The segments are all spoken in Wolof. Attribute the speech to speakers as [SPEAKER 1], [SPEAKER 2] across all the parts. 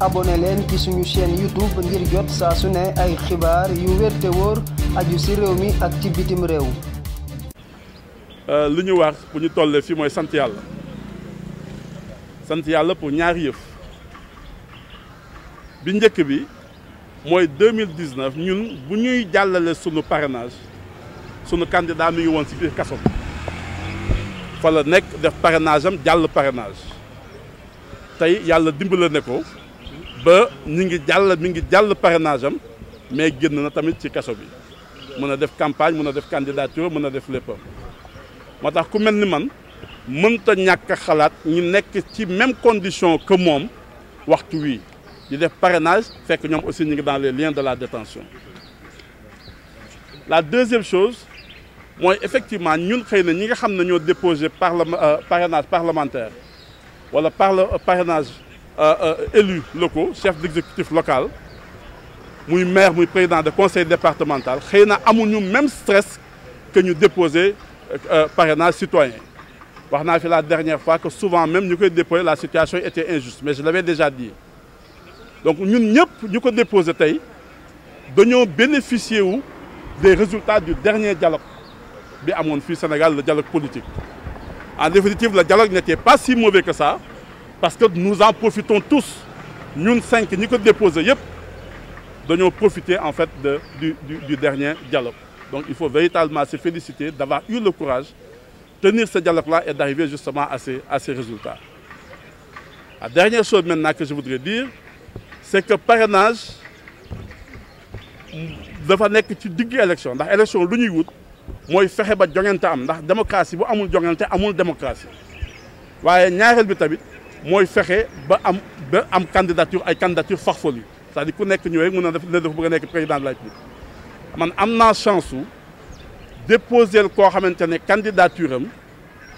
[SPEAKER 1] abonné leen ci suñu chaîne YouTube ngir jot saa su ne ay xibaar yu wér te wóor aju si réew mi ak ci bitim réew.
[SPEAKER 2] Euh, li ñu wax ku ñu tollee fii mooy sant yàlla sant yàlla pour ñaari yëf bi njëkk bi mooy 2019 ñun bu ñuy jàllale sunu parenage sunu candidat mi ngi woon si biir kaso fa la nekk def parrainage am jàll parrainage tey yàlla dimbale ne ko. ba ñu ngi jàll mi ngi jàll parrainage am mais génn na tamit ci kaso bi mën a def campagne mun a def candidature mën a def léppam moo tax ku mel ni man mënta ñàkk xalaat ñu nekk ci même condition que moom waxtu wi di def parenage fekk ñoom aussi ñu ngi dans les liens de la détention la deuxième chose mooy effectivement ñun xëy na ñi nga xam ne ñoo déposé parlement euh, parrainage parlementaire wala parle euh, parrainage Euh, euh, élus locaux chef d'exécutif local muy maire muy président de conseil départemental xëy na amuñu même stress que ñu déposer euh, parrainage citoyen wax naa fi la dernière fois que souvent même ñu koy déposer la situation était injuste mais je l'avais déjà dit donc ñun ñëpp ñu ko déposer tey dañoo bénéficier wu des résultats du dernier dialogue bi amoon fii Sénégal le dialogue politique en définitive le dialogue n'était pas si mauvais que ça parce que nous en profitons tous ñun cinq ñi ko déposé yëpp dañoo profiter en fait de du du du dernier dialogue donc il faut véritablement se féliciter d'avoir eu le courage tenir ce dialogue la et d'arriver justement à ces à ces résultats la dernière chose maintenant que je voudrais dire c'est que parrainage dafa nekk ci digg élection ndax élection lu ñuy wut mooy fexe ba jongante am ndax démocratie bu amul jongante amul démocratie waaye ñaareel bi tamit mooy fexe ba am ba am candidature ay candidature farfelues c'est-à-dire ku nekk ñëwee mun na def ne dafa bëgg a nekk président de la République man am naa chance su déposer koo xamante ne candidature am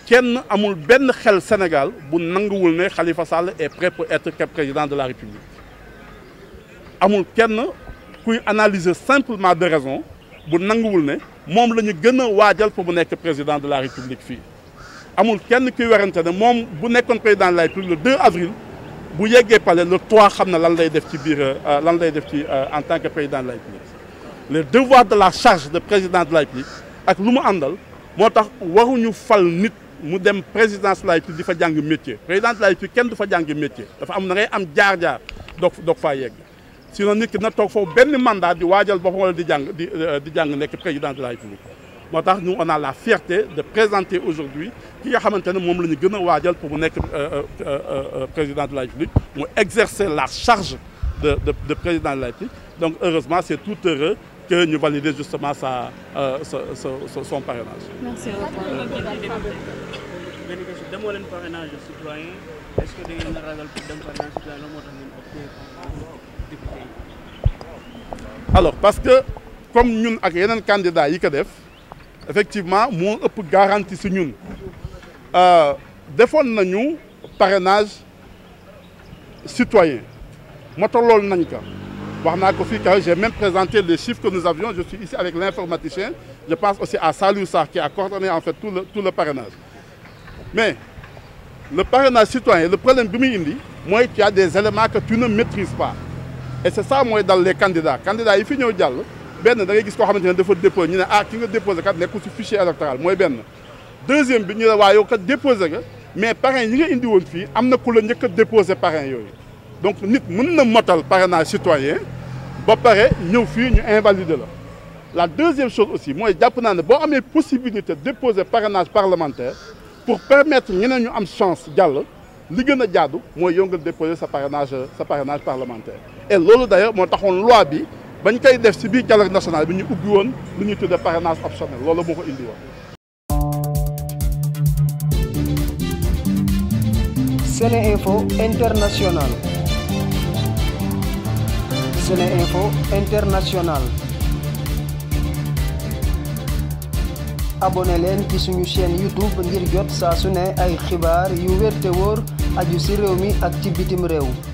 [SPEAKER 2] kenn amul benn xel Sénégal bu nanguwul ne Khalifa Sall est prêt pour être président de la République amul kenn kuy analyser simplement de raison bu nanguwul ne moom la ñu gën a waajal pour mu nekk président de la République fii amul kenn kuy werante ne moom bu nekkoon président de la République le 2 avril bu yeggee palais le 3 xam ne lan lay def ci biir euh, lan lay def ci euh, en tant que président la République le devoir de la charge de président de la République ak lu mu àndal moo tax waruñu fal nit mu dem présidence de la République di fa jàng métier président de la République kenn du fa jàng métier dafa am na ngay am jaar-jaar doog doog faa yegg sinon nit ki na toog foofu benn mandat di waajal wala di jàng di euh, di jàng nekk président de la République moo tax ñu on a la fierté de présenter aujourd'hui ki nga xamante ne moom la ñu gën a waajal pour mu nekk euh, euh, euh, président de la République mu exercer la charge de de de président de la République donc heureusement c'est tout heureux que ñu valider justement sa sa sa son parrainage.
[SPEAKER 1] merci beaucoup.
[SPEAKER 2] alors parce que comme ñun ak yeneen candidats yi ko def. effectivement mu ëpp garanti si ñun euh, defoon nañu parrainage citoyen motolool nañ ko wax naa ko fii car j'ai même présenté les chiffres que nous avions je suis ici avec l'informaticien je pense aussi à Saliou Sarr a coordonné en fait tout le tout le parrainage mais le parrainage citoyen le problème bi muy indi mooy tu as des éléments que tu ne maîtrises pas et c'est ça mooy dal les candidats candidats yi fi ñëw jàll benn da ngay gis koo xamante ne dafa déposé ñu ne ah ki nga déposé kat nekkul si fichier mooy benn deuxième bi ñu ne waa yow kat déposé nga mais parrain yi nga indiwoon woon fii am na ku la njëkk a déposé parrain yooyu donc nit mën na motal parrainage citoyen ba pare ñëw fii ñu invalider la la deuxième chose aussi mooy jàpp naa ne boo amee possibilité déposer parrainage parlementaire pour permettre ñeneen ñu am chance jàll li gën a jaadu mooy yow nga déposer sa parrainage sa parrainage parlementaire loolu d'ailleurs moo taxoon loi bi bañ koy def ci biir dialogue national bi ñu ubbi woon lu ñuy tuddee parrainage optionnel loolu moo
[SPEAKER 1] leen ci suñu chaîne YouTube ngir jot saa su ne ay xibaar yu wér te wóor aju ci réew mi ak ci bitim réew.